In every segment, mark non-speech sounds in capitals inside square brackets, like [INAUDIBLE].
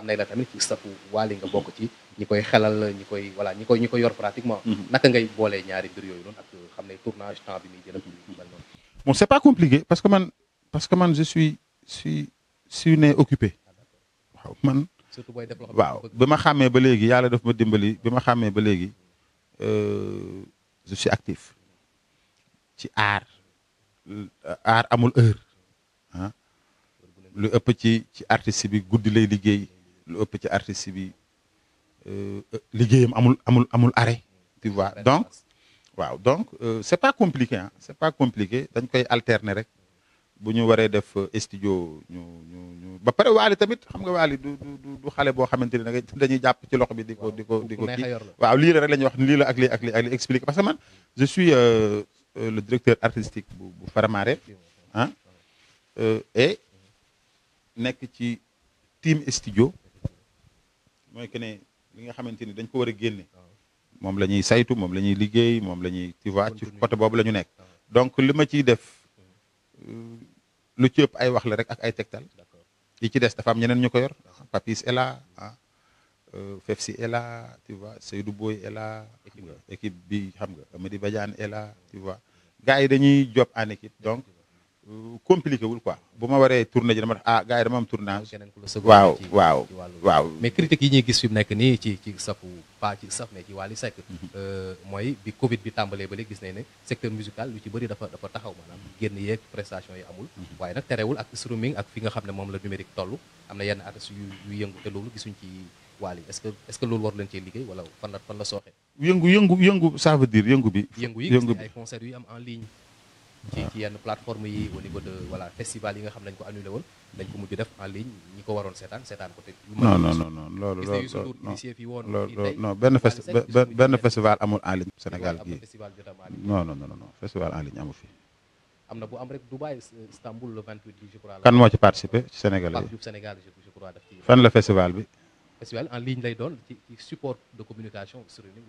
am la tamit ci safu waali nga mhm. bok ci ñi koy xelal ñi koy voilà ñi koy ñi koy yor pratiquement mhm. naka ngay bolé ñaari mbir yooyu noonu ak euh, xamné tournage temps bi muy jël ak lu mel bon c'est pas compliqué parce que man parce que man je suis suis suis né occupé ah, man surtout boy développer waaw bi ma ba légui yalla daf ma dimbali bima xamé ba légui euh je suis actif ci art art amul heure hein lu ëpp ci ci artiste bi guddi lay liggéey lu ëpp ci artiste bi euh, liggéeyam amul amul amul arrêt tu vois donc waaw donc euh, c'est pas compliqué hein? c'est pas compliqué dañ koy alterner rek bu ñu waree def euh, studio ñu ñu ñu ba pare waali tamit xam nga waali du du du xale boo xamante ne danga dañuy jàpp ci loxo bi di ko di ko di ko kii waaw lii la rek la ñuy wax lii la ak lii ak lii ak parce que man je suis euh, euh le directeur artistique bu bu hein? euh, et nekk ci team studio mooy que ne li nga xamante ni dañ ko war a génne ah. moom la ñuy saytu moom la ñuy liggéey moom la ñuy tu vois ci côté boobu la ñu nekk ah. donc li ma def hmm. lu ci ëpp ay wax la rek ak ay tegtal ci des dafa am ñeneen ñu yor Papis ela là ah euh, Fefsi ela là tu vois Seydou Boy ela équipe bi xam nga Amady Badiane ela tu vois gars dañuy job en équipe donc Euh, compliqué wul quoi bu ma waree tournée ji dama def ah gars yi dama am tournage. waaw waaw waaw. mais critique yi ñuy gis fi mu nekk nii ci ci safu pas ci saf mais ci Wally Seck. Mhm. Euh, mooy bi Covid bi tàmbalee ba léegi gis nañ ne secteur musical lu ci bëri dafa dafa taxaw maanaam génn yeeg prestation yi amul. Mhm. waaye nag terewul ak streaming ak fi nga xam ne moom la numérique toll am na yenn artistes yu yu yëngu te loolu gisuñ ci Wally est-ce que loolu war leen cee liggéey wala fan la fan la sooxe. yëngu yëngu yëngu ça veut dire bi. yëngu yi ay concert yu am en ligne. ci ci yenn plateforme yi au niveau de voilà nga xam nañ ko annulé woon dañ ko mujj def en ligne ñi ko waroon seetaan seetaan ko te non non non non loolu loolu non benn benn festival amul en ligne Sénégal gii non non non festival en ligne amul fii am na bu am rek Dubaï Istanbul kan moo ci participé ci fan la festival bi festival en ligne lay doon ci support de communication streaming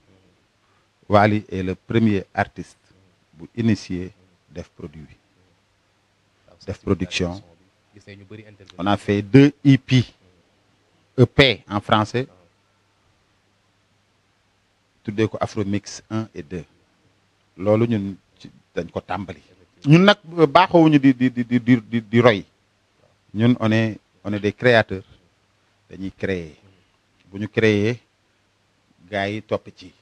Wali est le premier artiste pour initier Def Produit. Def Production. On a fait deux EP. EP en français. Tout d'un afromix 1 et 2. Lolo, nous avons tambali. Nous avons de du roi. Nous on est on est des créateurs. Nous créons. Nous créons. Gaï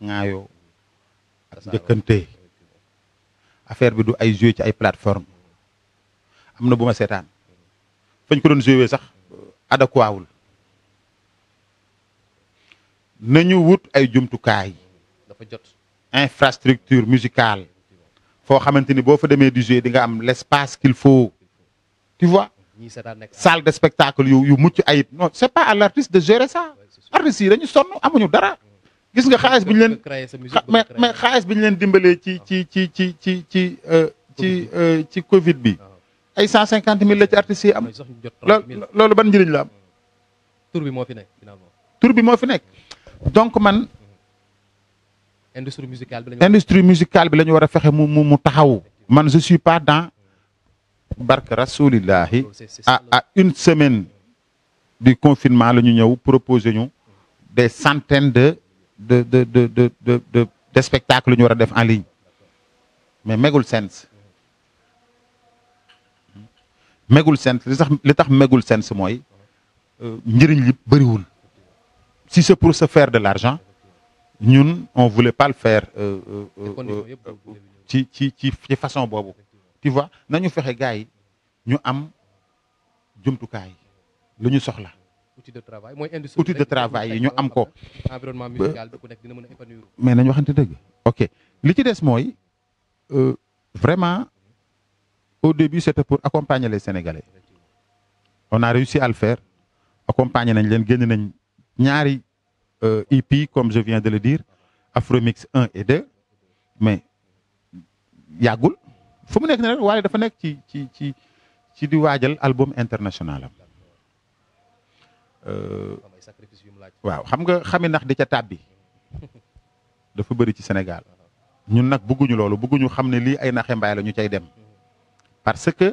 ŋaayoo ak njëkkante affaire bi du ay joué ci ay plateforme am na bu ma seetaan fañ ko doon joué sax adéquat wul ñu wut ay jumtukaay dafa jot infrastructure musicale foo xamante ni boo fa demee di jouer di nga am l'espace qu'il faut tu vois salle de spectacle yu yu mucc ayib non c'est pas à l'artiste de gérer ça artistes yi dañu sonn amuñu dara gis nga xaalis bi ñu leen mais mais xaalis bi ñu leen dimbalee ci ci ci ci ci ci ci euh, ci Covid bi euh, ah. ay cent cinquante la ci artistes yi am lolu ban njëriñ la am. Hmm. tour bi mo fi nekk tour bi mo fi nek donc man. industrie musicale bi lañu industrie musicale bi la ñu war mu mu taxaw man je suis pas dans barke rasoulillah à à une semaine du confinement lañu ñu ñëw proposer ñu des centaines de de de de de de de de spectacle yu ñu def en ligne mais megul sense megul sense li tax li megul sense moi euh, njëriñ li bëriwul si c'est pour se faire de l'argent ñun on voulait pas le faire euh, euh, ci ci ci ci façon boobu tu vois nañu fexe gars yi ñu am jumtukaay lu ñu soxla outil de travail industrie de travail ñu am ko. environnement musical bu ku dina mën épanouir. mais nañ waxanté dëgg. ok li ci moy euh vraiment au début c'était pour accompagner les Sénégalais on a réussi à le faire accompagner nañ leen gën nañ ñaari EP euh, e comme je viens de le dire Afromix 1 et 2 mais yagul fu mu nek né wala dafa nek ci ci ci ci di wadjal album international Euh, waaw xam nga xami nax di ca tàbbi dafa bëri ci Sénégal ñun nag bëgguñu loolu bëgguñu xam ne lii ay naxe mbaay la ñu cay dem parce que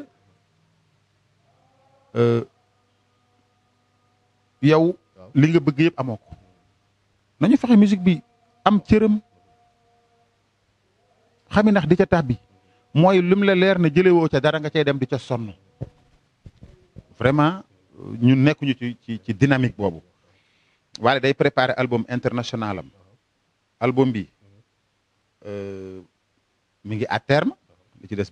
euh, yow li nga bëgg yëpp amoo ko nañu fexe musique bi am cëram xami nax di ca tàbbi mooy lum la leer ne jëlewoo ca dara nga cay dem di ca sonn vraiment Nous nekkuñu ci ci dynamique boobu day préparer album international album euh, à terme li date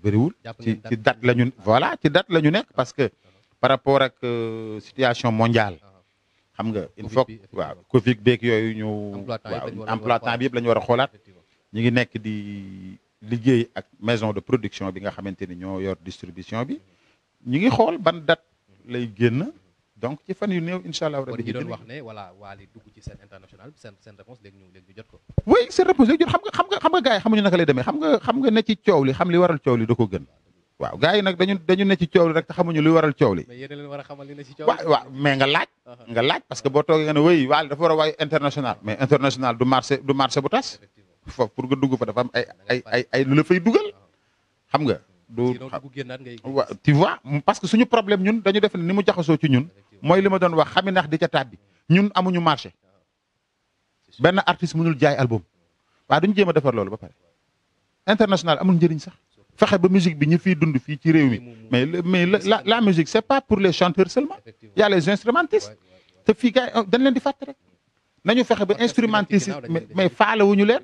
la voilà ci date la ñu parce que par rapport à la euh, situation mondiale ah. xam il Covid ñu la a maison de production distribution lay génn donc ci fan yu néew incha allah. rabi doon wax ne voilà wali dugg ci scène international seen seen réponse léegi ñu léegi ñu jot ko. oui seen réponse léegi jot xam nga xam nga xam nga gars yi xamuñu naka lay demee xam nga xam nga ne ci coow li xam li waral coow li da ko gën. waaw gars yi nag dañu dañu ne ci coow li rek te xamuñu luy waral coow li. mais yéen a leen war a xamal li ne ci coow li. waaw mais nga laaj. Uh-huh. nga laaj parce que boo toogee nga ne oui Wally dafa war a waay international. mais international du marché du marché bu tas. foofu pour nga dugg fa dafa am ay ay ay ay lu la fay dugal uh-huh. xam nga tu vois parce que suñu problème ñun dañu def ni mu jaxoso ci ñun moy lima doon wax xami nax di ca tabbi ñun amuñu marché ben artiste mënul jaay album wa duñu jema a lolu ba paré international amuñu jëriñ sax fexé ba musique bi ñu fi dund fi ci réew mi mais mais la musique c'est pas pour les chanteurs seulement y a les instrumentistes te fi gars dañ leen di fàtte rek nañu fexé ba instrumentiste mais faalé wuñu leen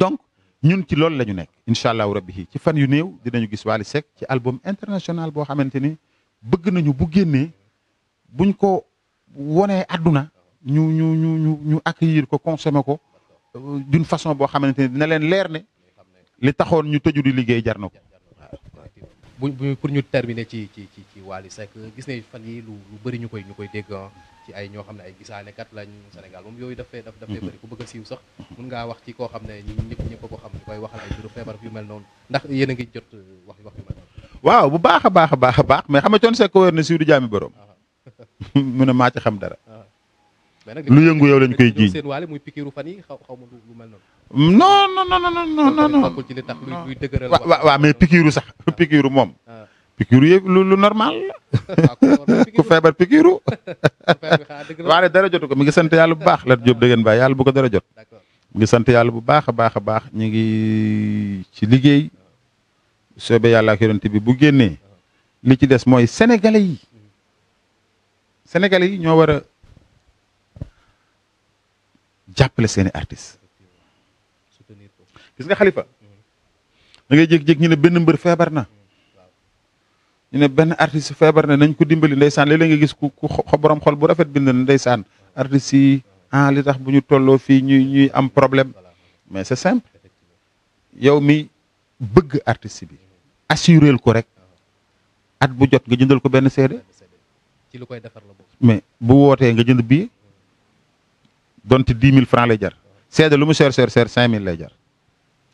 donc ñun ci loolu la ñu nekk incha allahu rabbi ci fan yu néew dinañu gis Wally Seck ci album international boo xamante ni bëgg nañu bu génnee buñ ko wonee àdduna ñu ñu ñu ñu ñu accueillir ko consommer ko euh, d'une façon boo xamante ni dina leen leer ne li taxoon ñu tëju di liggéey jar na ko bu pour ñu terminer ci ci ci ci Wally Seck gis ne fan yi lu lu bëri ñu koy ñu koy dégg ah, ci ay ñoo xam ne ay gisaanekat lañ Sénégal moom yooyu daf fee daf fee bëri ku bëgg a siiw sax mun ngaa wax ci koo xam ne ñu ñëpp ñëpp ko koy waxal ay juru feebar mel noonu ndax yéen a jot euh, wax wax yu mel waaw bu baax a baax a baax a baax mais xam nga Thione Seck wér na siiw du jaami borom ah. [LAUGHS] mu ne maa ci xam dara ah. lu yëngu yow lañ koy jiiñ seen waale muy pikiru fan yi xaw xaw ma lu mel noonu non non non non non non non waaw waaw mais pikiiru sax [LAUGHS] pikiiru moom. Ah. pikiiru yëpp lu lu normal ah, [LAUGHS] ku feebar pikiiru. [LAUGHS] Ah, waaye dara jotu ko mi ngi sant yàlla bu baax Lat Diop dëgg ba yàlla bu ko dara jot. mi ngi sant yàlla bu baax a baax a baax ñu ngi ci liggéey soobe yàlla ak yonent bi bu génnee li ci des mooy sénégalais yi sénégalais yi ñoo war a jàppale seeni artistes. gis nga khalifa mm-hmm. da ngay jékki-jékki ñu ne benn mbeur febar na mm-hmm. ñu ne benn artiste febar na nañ ko dimbali ndaysan léeg nga gis ku ku borom xol bu rafet bind na ndaysan artiste ah li tax buñu ñu fi ñuy ñuy am problème mais c'est simple yow mi bëgg artiste bi assurel ko rek at bu jot nga jëndal ko benn CD ci lu koy défar la mais bu woté nga jënd bi donte 10000 francs lay jar cede lu mu cher cher cher 5000 lay jar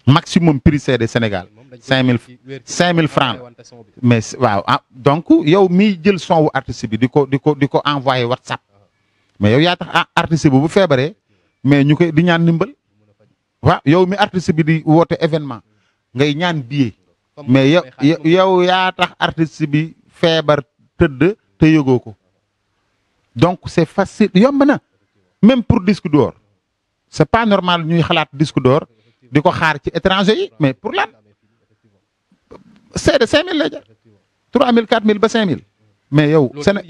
maximum prix de Sénégal 5000 5000 francs mais waaw ah donc yow mi jël son artiste bi diko, diko, diko envoyer WhatsApp ah. mais yow yaa tax ah, artiste bi bu feebaree mais nous que di ñaan ndimbal waaw yow mi artiste bi di événement événement ngay ñaan billet mais yow yow yaa tax artiste bi feebar teud, te yëgoo ko donc c'est facile yomb na même pour disque d'or c'est pas normal ñuy un disque d'or diko xaar ci étranger yi mais pour lan c'est de 5000 lay jar 3000 4000 ba 5000. mais yow Séné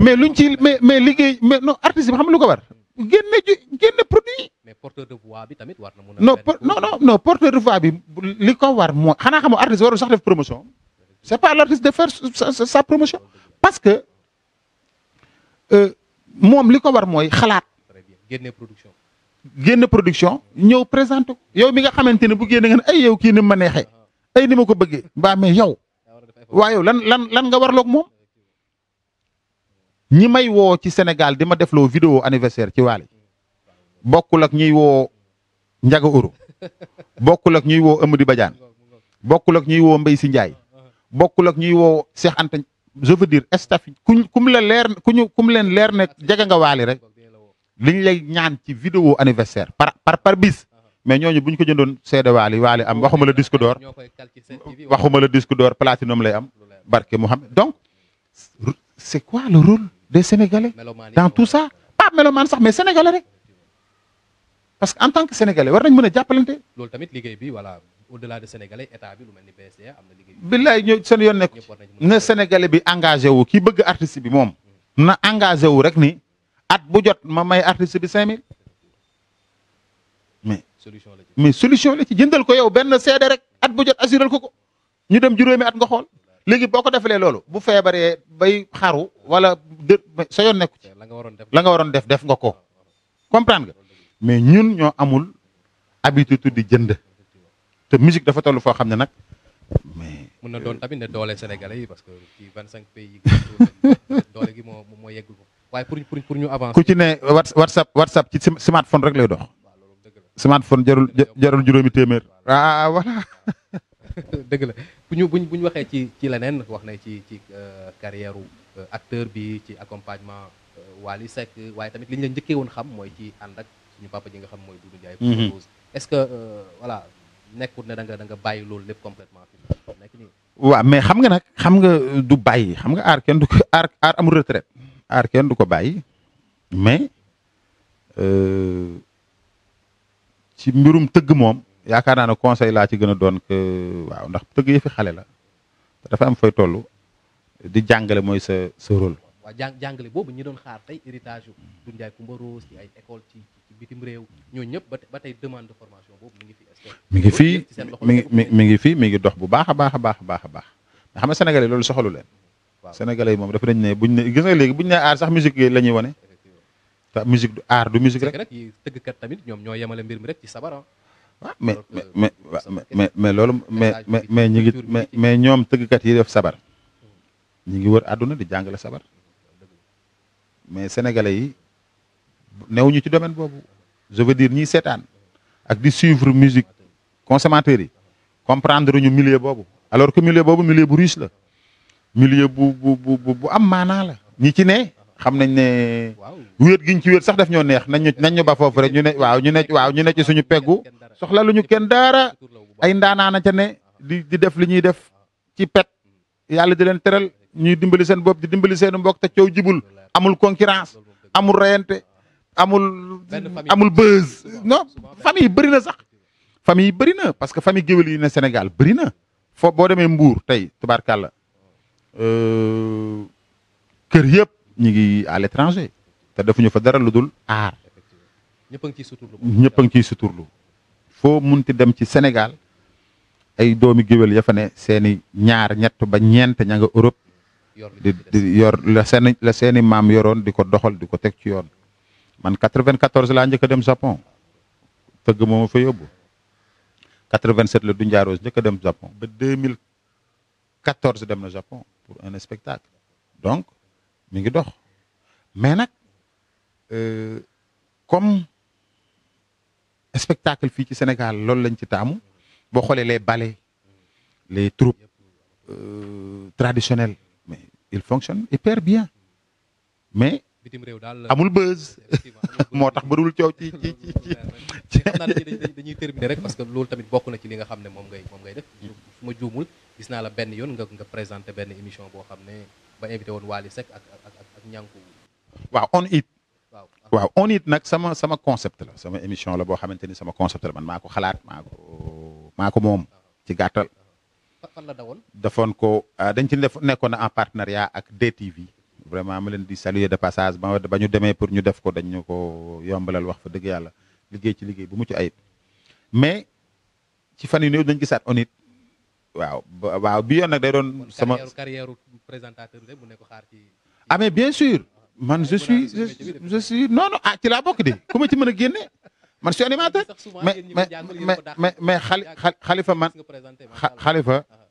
mais luñ ci mais mais liggéey mais non artiste bi xam lu ko war. génne génne produit. mais porteur de voix bi tamit war na mun non non non porteur de voix bi li ko war mo xana xam artiste waru sax def promotion. c'est pas l'artiste de faire sa, sa, promotion parce que euh mom li ko war moy xalat très bien génne production. génn production ñëw présenté yow mi nga xamante ne bu génne nga ne ay yow kii ni ma neexee ay ni ma ko bëggee mbaa yow waa yow lan lan lan nga warloog moom ñi may woo ci Sénégal di ma defloo vidéo anniversaire ci Wally bokkul ak ñuy woo Ndiaga Euro bokkul ak ñuy woo Amady Badiane bokkul ak ñuy woo Mbaye si Ndiaye bokkul ak ñuy woo Cheikh Anta je veux ku kum la leer ku ñu kum leen leer ne jege nga Wally rek liñ lay ñaan ci vidéo anniversaire par par par bis mais ñoñu buñ ko jëndoon seede wali wali am waxuma le disque d'or waxuma le disque d'or platinum lay am barké mohammed donc c'est quoi le rôle des sénégalais dans tout ça pas meloman sax mais sénégalais rek parce que en tant que sénégalais war nañ mëna a lool tamit liggéey bi wala au delà de sénégalais état bi lu mel ni BSDA am na liggéey. billaay ñoom seen na sénégalais bi engagé wu kii bëgg artiste bi moom na engagé wu rek ni. at bu jot ma may artiste bi cinq mais solution la ci mais solution la ci jëndal ko yow benn seede rek at bu jot assuré ko ko ñu dem juróomi at nga xool léegi boo ko defalee loolu bu feebaree bay xaru wala dë sa yoon nekku ci la nga waroon def def nga ko comprendre nga mais ñun ñoo amul habitude di jënd te musique dafa toll foo xam ne nag mais. na doon tamit ne doole Sénégalais yi parce que ci vingt cinq pays yi [LAUGHS] doole gi moo moo yeggul ko waaye pour pour pour ñu avancer. ku ci ne whatsapp whatsapp ci smartphone rek lay dox. smartphone jarul jarul juróomi téeméer. Ah, ah voilà. [LAUGHS] dëgg la bu bu ñu waxee ci ci leneen wax na ci ci euh, carrière euh, acteur bi ci accompagnement euh, Wally Seck waaye tamit li ñu la njëkkee woon xam mooy ci ànd ak ñu papa ji nga xam mooy Doudou Ndiaye. Mhm. est-ce que voilà nekkut ne da nga da bàyyi loolu lépp complètement fi nekk nii. mais xam nga nag xam nga du bàyyi xam nga aar kenn du aar aar amul retraite. aar kenn du ko bàyyi mais euh, ci mbirum tëgg moom yaakaar naa ne conseil laa ci gën a doon que waaw ndax tëgg yi fi xale la te dafa am fay toll di jàngale mooy sa sa rôle. waaw jàng jàngale doon xaar tey héritage yu Doudou Ndiaye Coumba ay école ci bitim réew ñooñu ñëpp ba tey demande de formation boobu mi ngi fi. mi ngi fi mi ngi mi ngi fi mi ngi dox bu baax a baax a baax a baax a baax xam nga loolu soxalu leen. sénégalais yi moom dafa dañ ne buñ ne gis nga léegi buñ ne aar sax musique la ñuy wane te musique du aar du musique rek tëggkat tamit ñoom ñoo yemale mbir rek ci sabar waaw ah. ah, mais mais mais mais loolu mais mais mais ñu ngi mais mais ñoom tëggkat yi def sabar ñu ngi wër àdduna di jàngale sabar mais sénégalais yi newuñu ci domaine boobu je veux dire ñiy seetaan ak di suivre musique consommateurs yi comprendre ñu milieu boobu alors que milieu boobu milieu bu riche la milieu bu bu bu bu am maanaa la ñi ci ne xam nañ ne wéet giñ ci wéet sax def ñoo neex nañ ñu nañ ñu ba foofu rek ñu ne waaw ñu ne waaw ñu ne ci suñu peggu soxla lu ñu kenn dara ay ndaanaana ca ne di di def li ñuy def ci pet yàlla di leen teral ñuy dimbali seen bopp di dimbali seen mbokk te coow jibul amul concurrence amul reyante amul amul buzz non famille bëri na sax famille bëri na parce que famille géwél yi ne Sénégal bëri na foo boo demee mbuur tey tubaarkàlla Euh, kër yëpp ñu ngi à l'étranger te defuñu fa dara lu aar. ñëpp a ngi ciy suturlu ñëpp suturlu foo munti dem ci Sénégal ay doomi géwél ya fa ne seeni ñaar ñett ba ñeent ña nga Europe. di di yor la seeni maam yoroon di ko doxal di ko teg ci yoon. man 94 laa njëkk a dem Japon tëgg moom fa yóbbu 87 le du njaaroos njëkk a dem Japon ba 2014 dem na Japon. pour un spectacle donc mais euh, comme spectacle fii Sénégal lañ les ballets les troupes euh, traditionnelles mais ils fonctionnent hyper bien mais amul buzz gis naa la benn yoon nga nga présenté benn émission boo xam ne ba invité woon Wally Seck ak ak ak waaw on it waaw waaw on it nag sama sama concept la sama émission la boo xamante ni sama concept la man maa ko xalaat maa ko moom ci gàttal fan la dawoon defoon ko ah, dañ ci def nekkoon na en partenariat ak DTV vraiment ma leen di saluer de passage ba ñu demee pour ñu def ko dañu ko yombalal wax fa dëgg yàlla liggéey ci liggéey bu mucc ayib mais ci fan yu dañ gisaat on it waaw waaw bi yoon nag day doon. sama carrière présentateur de bu ne ko xaar ci. ah mais bien sûr ah, ah. man je suis je suis non non ah ci laa bokk de ku ma ci mën a génne man je suis animateur mais mais mais xali xalifa man xalifa ah,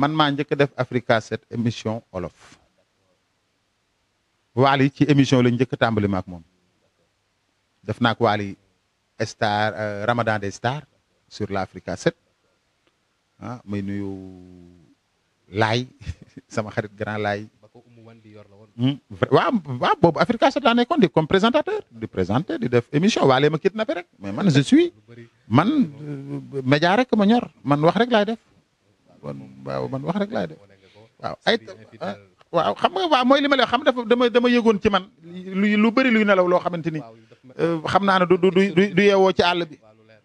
man maa njëkk def Africa 7 émission olof. waali ci émission la njëkk a tàmbali maak moom def naa ko waali star euh, Ramadan des stars sur l'Africa 7. ah may nuyu laay [LAUGHS] sama xarit grand laay hmm, waaw waaw boobu Africa 7 laa nekkoon di comme présentateur di présenter di def émission waalee ma kidnappé rek mais man je suis man euh, média rek ma ñor man wax rek laay def waaw man wax rek laay def waaw ay ah, waaw xam nga waaw mooy li ma lay xam dafa dama dama yëgoon ci man lu lu bëri luy nelaw loo xamante ni euh, xam naa ne du du du yeewoo ci àll bi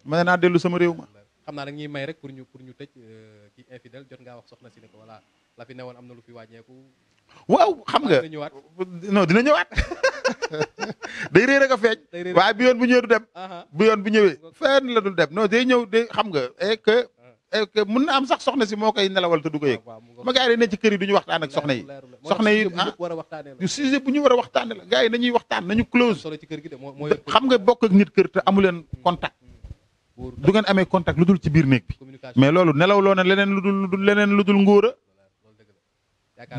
ma naa dellu sama réew ma xam naa nag ñuy may rek pour ñu pour ñu tëj euh, ki infidèle jot ngaa wax ne ko voilà la fi newoon am na lu fi wàññeeku. waaw xam nga dina ñëwaat non dina ñëwaat [LAUGHS] day réer a feeñ. waaye bu yoon bu ñëwee du dem. Uh-huh. bu yoon bu ñëwee la dul dem non ñëw day xam nga et que. Uh-huh. et mun na am sax soxna si moo koy nelawal te du ko yëg. ma gars yi ne ci kër yi du ñu waxtaan ak soxna yi. soxna yi ah sujet bu ñu war a waxtaanee la gars yi nañuy waxtaan nañu close. xam nga bokk ak nit kër te amu leen hmm. contact. du ngeen amee contact lu dul ci biir néeg bi mais loolu nelaw loo na leneen lu dul leneen lu dul ngóora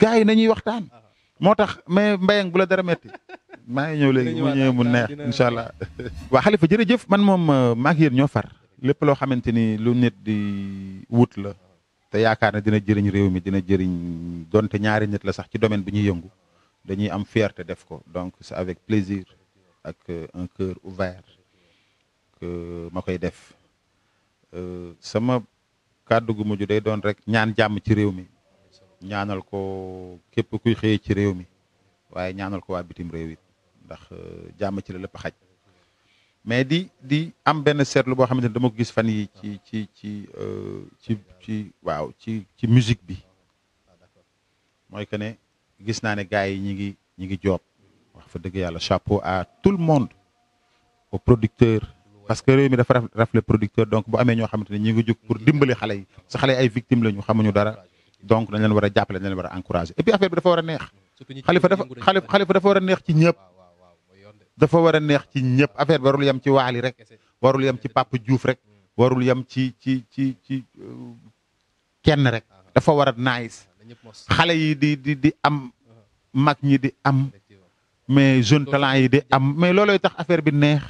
gars yi nañuy waxtaan moo tax mais mbayang bu la dara maa ngi ñëw léegi mu ñëwee mu neex incha allah. waa xalifa jërëjëf man moom euh, maa ngi yéen ñoo far lépp loo xamante ni lu nit di wut la te yaakaar ne dina jëriñ réew mi dina jëriñ donte ñaari net la sax ci domaine bi ñuy yëngu dañuy am fierté def ko donc c'est avec plaisir ak euh, un cœur ouvert Euh, ma koy def euh, sama kàddu gu mujj day doon rek ñaan jàmm ci réew mi ñaanal ko képp kuy xëyee ci réew mi waaye ñaanal ko waa bitim réew it ndax euh, jàmm ci la lépp xaj mais di di am benn seetlu boo xamante ne dama ko gis fan yi ci ci ci ci ci waaw ci ci musique bi mooy que ne gis naa ne gars yi ñi ngi ñi ngi joob wax fa dëgg yàlla chapeau à tout le monde aux producteurs parce que réew mi dafa rafle producteur donc bu amee ñoo xamante ne ñi ngi jóg pour dimbali xale yi sa xale yi ay victime la ñu xamuñu dara donc dañ leen war a jàppale dañ leen war a encouragé et puis affaire bi dafa war a neex xalifa dafa xalifa dafa war a ci ñëpp dafa war a neex ci ñëpp affaire bi warul yem ci waali rek warul yem ci Papa Diouf rek warul yem ci ci ci ci euh, kenn rek dafa war a nice xale yi di di di am mag ñi di am mais jeune talent yi di am mais loolooy tax affaire bi neex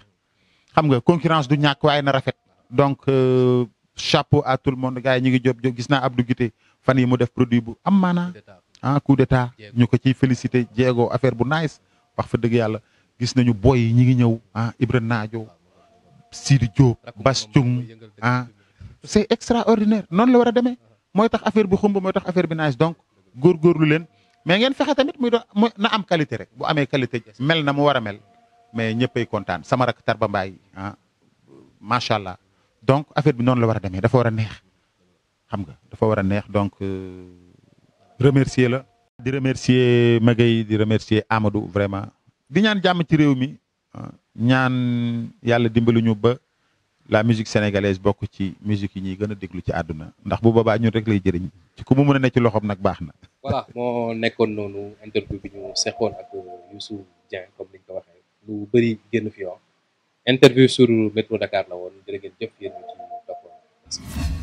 xam nga concurrence du ñàkk waaye na rafet donc euh, chapeau à tout le monde gars yi ñu ngi joob job gis naa Abdou Guité fan yi mu def produit bu am maanaa ah coup d'état ñu ko ciy félicité jéego affaire bu nice wax fa dëgg yàlla gis nañu boy yi ñi ngi ñëw ah Ibra Naajo Sidi Diop Bas Cung ah c'est extraordinaire noonu la war a demee mooy tax affaire bi xumb mooy tax affaire bi nice donc góorgóorlu leen mais ngeen fexe tamit mu doon na am qualité rek bu amee qualité mel na mu war a mel mais ñëppay kontaan sama rak Tarba Mbaye ah, macha allah donc affaire bi noonu la war a demee dafa war a neex xam nga dafa war a neex donc euh, remercier la. di remercier Maguette di remercier Amadou vraiment di ñaan jàmm ci réew mi ah, ñaan yàlla dimbali ñu ba la musique sénégalaise bokk ci musique yi ñuy gën a déglu ci àdduna ndax bu boobaa ñun rek lay jëriñ ci ku mu mën a ne ci loxoom nag baax na. lu bëri génn fi wax interview sur métro Dakar la woon jërë ngeen jëf yéen ñu ci topp